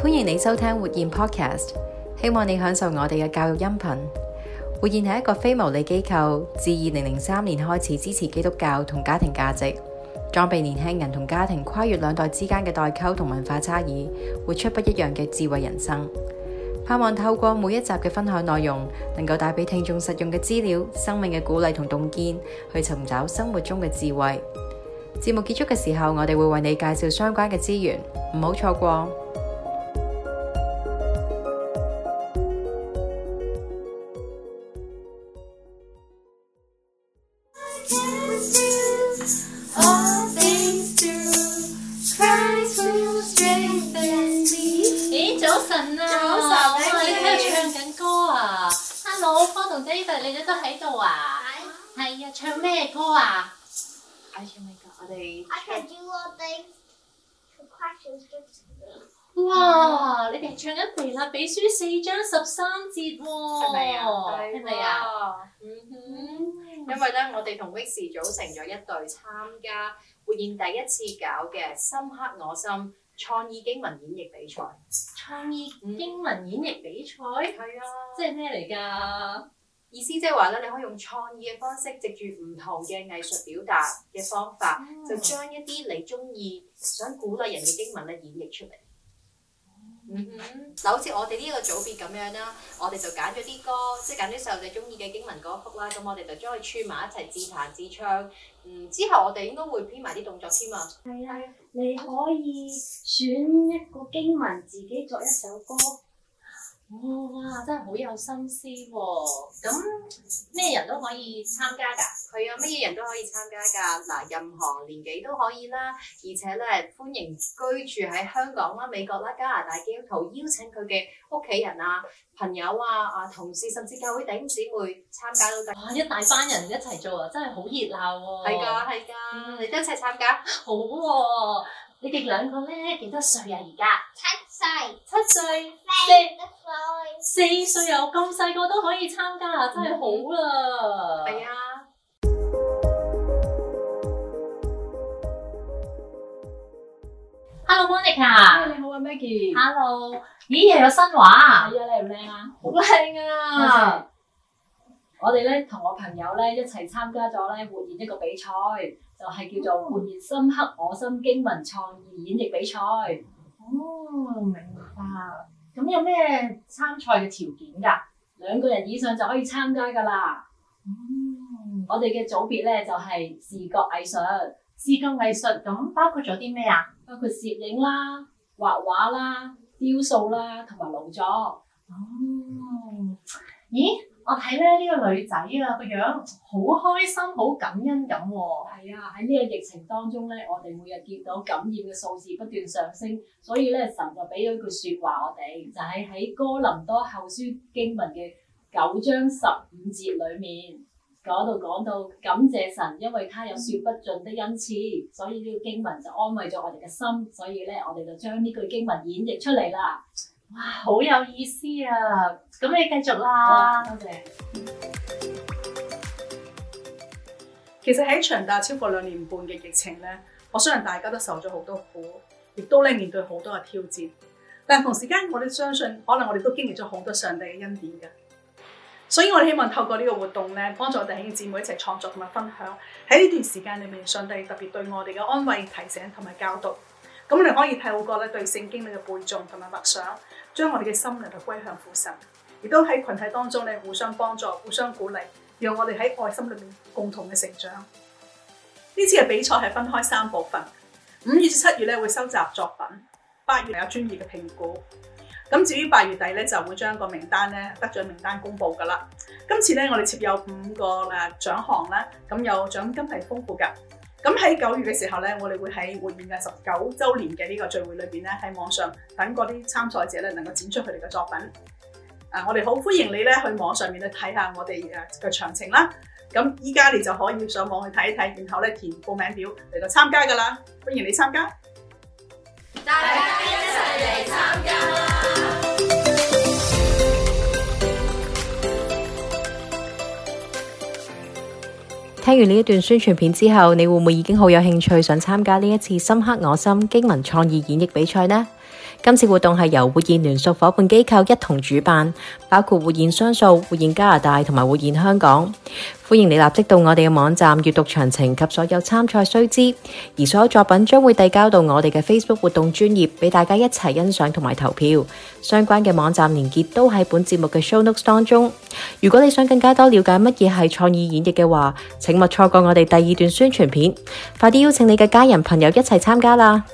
歡迎你收聽活現 Podcast，希望你享受我哋嘅教育音頻。活現係一個非牟利機構，自二零零三年開始支持基督教同家庭價值，裝備年輕人同家庭跨越兩代之間嘅代溝同文化差異，活出不一樣嘅智慧人生。盼望透過每一集嘅分享內容，能夠帶俾聽眾實用嘅資料、生命嘅鼓勵同洞見，去尋找生活中嘅智慧。節目結束嘅時候，我哋會為你介紹相關嘅資源，唔好錯過。你哋都喺度啊？係、啊，啊！唱咩歌啊？係唱咩噶？我哋哇！你哋唱緊《腓立比書》四章十三節喎、哦，係咪啊？係啊。嗯哼。 因為咧，我哋同 Victor 組成咗一隊參加活現第一次搞嘅深刻我心創意經文演繹比賽。創意經文演繹比賽？係、嗯、啊。即係咩嚟噶？意思即係話咧，你可以用創意嘅方式，藉住唔同嘅藝術表達嘅方法，嗯、就將一啲你中意、想鼓勵人嘅經文咧演繹出嚟。嗯哼，嗱、嗯，好似我哋呢一個組別咁樣啦，我哋就揀咗啲歌，即係揀啲細路仔中意嘅經文歌曲啦，咁我哋就將佢串埋一齊自彈自唱。嗯，之後我哋應該會編埋啲動作添啊。係啊，你可以選一個經文，自己作一首歌。哦、哇！真係好有心思喎、哦。咁、嗯、咩人都可以參加㗎？佢有咩人都可以參加㗎。嗱、啊，任何年紀都可以啦。而且咧，歡迎居住喺香港啦、美國啦、加拿大、基督徒邀請佢嘅屋企人啊、朋友啊、啊同事，甚至教會弟兄姊妹參加都得。哇！一大班人一齊做啊，真係好熱鬧喎、哦。係㗎，係 㗎樂。嗯，你哋一齊參加，好喎、哦。你哋兩個咧幾多歲啊？而家七歲，七歲，四歲，四歲啊！有咁細個都可以參加啊，真係好啦。係啊。Hello，Monica。你好啊，Maggie。Hello。咦，又有新畫？係啊，靚唔靚啊？好靚啊！我哋咧同我朋友咧一齊參加咗咧活現一個比賽，哦、就係叫做活現深刻我心經文創意演繹比賽。哦，明白。咁有咩參賽嘅條件噶？兩個人以上就可以參加噶啦。嗯、我哋嘅組別咧就係、是、視覺藝術、視覺藝術咁包括咗啲咩啊？包括攝影啦、畫畫啦、雕塑啦同埋勞作。哦。咦？我睇咧呢、這個女仔啊個樣好開心，好感恩咁喎、哦。係啊，喺呢個疫情當中咧，我哋每日見到感染嘅數字不斷上升，所以咧神就俾咗句説話我哋，就係、是、喺哥林多後書經文嘅九章十五節裡面嗰度講到、嗯、感謝神，因為他有説不盡的恩賜，所以呢個經文就安慰咗我哋嘅心。所以咧，我哋就將呢句經文演繹出嚟啦。哇，好有意思啊！咁你繼續啦，哇，多謝。其實喺長達超過兩年半嘅疫情咧，我相信大家都受咗好多苦，亦都咧面對好多嘅挑戰。但係同時間，我哋相信可能我哋都經歷咗好多上帝嘅恩典嘅。所以我哋希望透過呢個活動咧，幫助弟兄姊妹一齊創作同埋分享喺呢段時間裏面，上帝特別對我哋嘅安慰、提醒同埋教導。咁你可以睇，好過咧對聖經嘅背誦同埋默想，將我哋嘅心靈歸向父神，亦都喺群體當中咧互相幫助、互相鼓勵，讓我哋喺愛心裏面共同嘅成長。呢次嘅比賽係分開三部分，五月至七月咧會收集作品，八月有專業嘅評估，咁至於八月底咧就會將個名單咧得獎名單公布噶啦。今次咧我哋設有五個誒獎項啦，咁有獎金係豐富噶。咁喺九月嘅時候咧，我哋會喺活現嘅十九週年嘅呢個聚會裏邊咧，喺網上等嗰啲參賽者咧能夠展出佢哋嘅作品。啊，我哋好歡迎你咧去網上面去睇下我哋誒嘅詳情啦。咁依家你就可以上網去睇一睇，然後咧填報名表嚟到參加噶啦，歡迎你參加。睇完呢一段宣傳片之後，你會唔會已經好有興趣想參加呢一次深刻我心經文創意演繹比賽呢？今次活動係由活現聯屬夥伴機構一同主辦，包括活現雙數、活現加拿大同埋活現香港。歡迎你立即到我哋嘅網站閱讀詳情及所有參賽須知，而所有作品將會遞交到我哋嘅 Facebook 活動專頁，俾大家一齊欣賞同埋投票。相關嘅網站連結都喺本節目嘅 Show Notes 當中。如果你想更加多了解乜嘢係創意演繹嘅話，請勿錯過我哋第二段宣傳片。快啲邀請你嘅家人朋友一齊參加啦！